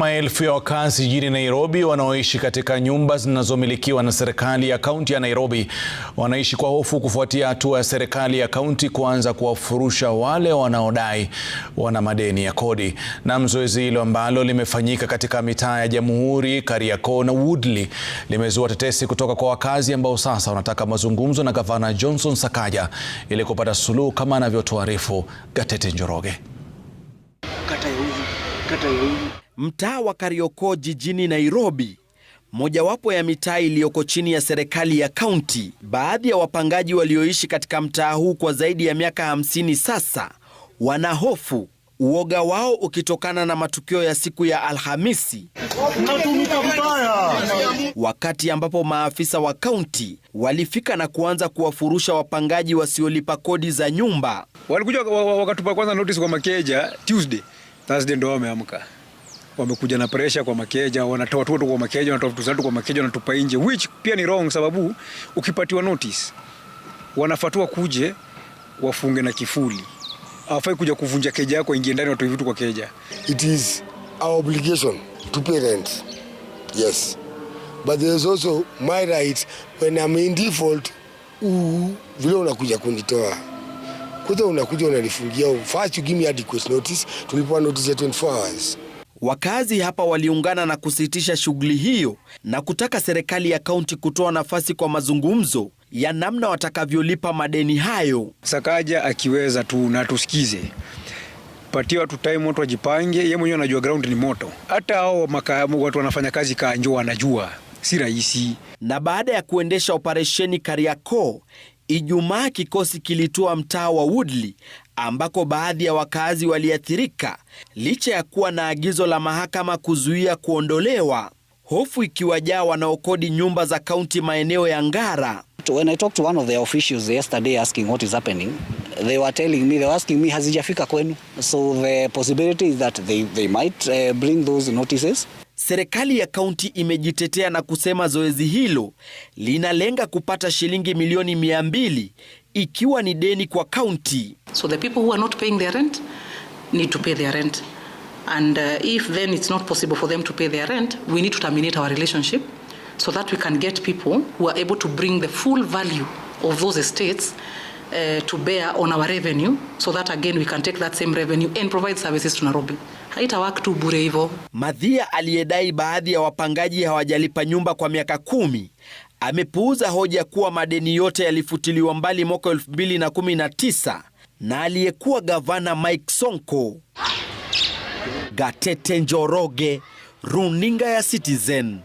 Maelfu ya wakazi jijini Nairobi wanaoishi katika nyumba zinazomilikiwa na serikali ya kaunti ya Nairobi wanaishi kwa hofu kufuatia hatua ya serikali ya kaunti kuanza kuwafurusha wale wanaodai wana madeni ya kodi. Na zoezi hilo ambalo limefanyika katika mitaa ya Jamhuri, Kariakoo na Woodley limezua tetesi kutoka kwa wakazi ambao sasa wanataka mazungumzo na Gavana Johnson Sakaja ili kupata suluhu kama anavyotuarifu Gatete Njoroge kata ya Uru. Mtaa wa Kariokoo jijini Nairobi, mojawapo ya mitaa iliyoko chini ya serikali ya kaunti. Baadhi ya wapangaji walioishi katika mtaa huu kwa zaidi ya miaka 50 sasa wana hofu, uoga wao ukitokana na matukio ya siku ya Alhamisi wakati ambapo maafisa wa kaunti walifika na kuanza kuwafurusha wapangaji wasiolipa kodi za nyumba. Walikuja wakatupa kwanza notice kwa makeja Tuesday Thursday ndio wameamka, wamekuja na pressure kwa makeja, wanatoa tu kwa makeja, wanatoa vitu zetu kwa makeja, wanatupa nje, which pia ni wrong, sababu ukipatiwa notice wanafatua kuje wafunge na kifuli. Hawafai kuja kuvunja keja yako, ingie ndani, watoe vitu kwa keja. It is our obligation to pay rent. Yes. But there is also my right when I'm in default, vile unakuja kunitoa kwanza unakuja unalifungia first you give me adequate notice. Tulipewa notice ya 24 hours. Wakazi hapa waliungana na kusitisha shughuli hiyo na kutaka serikali ya kaunti kutoa nafasi kwa mazungumzo ya namna watakavyolipa madeni hayo. Sakaja akiweza tu na tusikize, patie watu time, watu wajipange. Yeye mwenyewe anajua ground ni moto, hata hao watu wanafanya kazi Kanjo wanajua si rahisi. Na baada ya kuendesha operesheni Kariakoo Ijumaa kikosi kilitoa mtaa wa Woodley ambako baadhi ya wakazi waliathirika licha ya kuwa na agizo la mahakama kuzuia kuondolewa, hofu ikiwajaa wanaokodi nyumba za kaunti maeneo ya Ngara. When I talked to one of officials yesterday asking what is happening, they were telling me, they were asking me, hazijafika kwenu. So the possibility is that they, they might uh, bring those notices serikali ya kaunti imejitetea na kusema zoezi hilo linalenga kupata shilingi milioni mia mbili ikiwa ni deni kwa kaunti. So the people who are not paying their rent need to pay their rent. And uh, if then it's not possible for them to pay their rent, we need to terminate our relationship so that we can get people who are able to bring the full value of those estates Eh, to bear on our revenue so that again we can take that same revenue and provide services to Nairobi. Haitawak tu bure hivyo. Madhia aliyedai baadhi ya wapangaji hawajalipa nyumba kwa miaka kumi amepuuza hoja kuwa madeni yote yalifutiliwa mbali mwaka 2019 na aliyekuwa gavana Mike Sonko. Gatete Njoroge, Runinga ya Citizen.